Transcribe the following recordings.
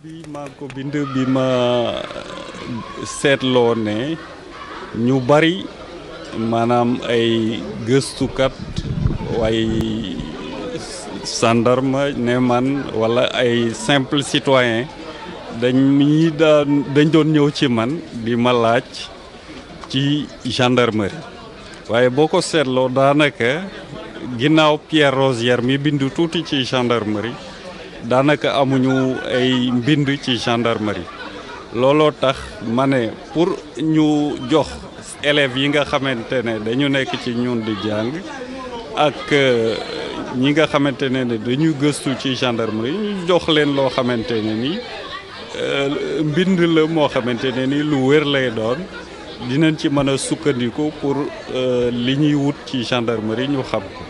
bi maa ko bind bi ma euh, seetloo ne ñu bari maanaam ay gëstukat waaye gendarme ne man walla ay simple citoyen dañ ñi daan dañ doon ñëw ci man di ma laaj ci gendarmerie waaye boo ko seetloo daanaka ginnaaw Pierre Rosière mi bindu tuuti ci gendarmerie daanaka amuñu ay mbind ci gendarmerie looloo tax ma ne pour ñu jox élèves yi nga xamante ne dañu nekk ci ñun di jàng ak euh, ñi nga xamante ne ne dañuy gëstu ci gendarmerie ñu jox leen loo xamante ne ni euh, mbind la moo xamante ne ni lu wér lay doon dinañ ci mën a sukkandiku pour euh, li ñuy wut ci gendarmerie ñu xam ko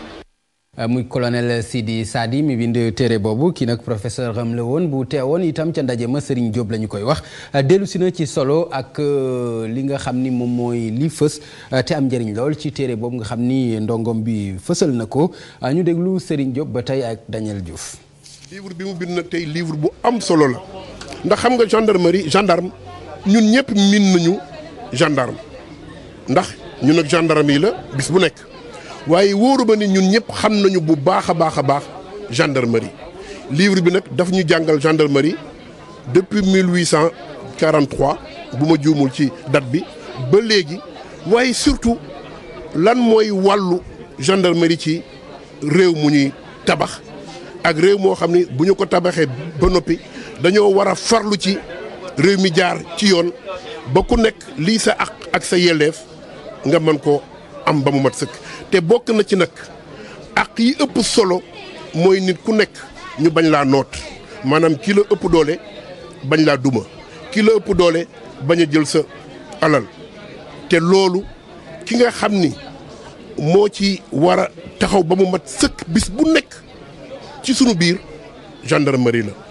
Euh, muy colonel Sidi Sadi mi bind téere boobu kii nag professeur am la woon bu teewoon itam ca ndaje ma Serigne jóob lañu koy wax euh, dellu si na ci solo ak euh, li nga xam ni moom mooy li fës te am njëriñ lool ci téere boobu nga xam ni ndongom bi fësal na ko ñu déglu Serigne jóob ba tey ak Daniel Diouf. livre bi mu bind nag tey livre bu am solo la ndax xam nga gendarmerie gendarme ñun ñëpp miin nañu gendarme ndax ñu ak gendarme yi la bis bu nekk. waaye wóoru ma ni ñun ñëpp xam nañu bu baax a baax a baax gendarmerie livre bi nag daf ñu jàngal gendarmerie depuis 1843 bu ma juumul ci date bi ba léegi waaye surtout lan mooy wàllu gendarmerie ci réew mu ñuy tabax ak réew moo xam ni bu ñu ko tabaxee ba noppi dañoo war a farlu ci réew mi jaar ci yoon ba ku nekk lii sa àq ak sa yelleef nga mën ko am ba mu mat sëkk te bokk na ci nag ak yi ëpp solo mooy nit ku nekk ñu bañ laa noot maanaam kilo ëpp doole bañ laa duma kilo ëpp doole bañ a jël sa alal te loolu ki nga xam ni moo ci war a taxaw ba mu mat sëkk bis bu nekk ci sunu biir gendarmerie la